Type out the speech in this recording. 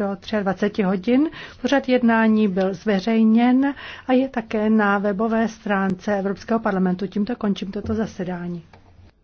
do 23 hodin. Pořad jednání byl zveřejněn a je také na webové stránce Evropského parlamentu. Tímto končím toto zasedání.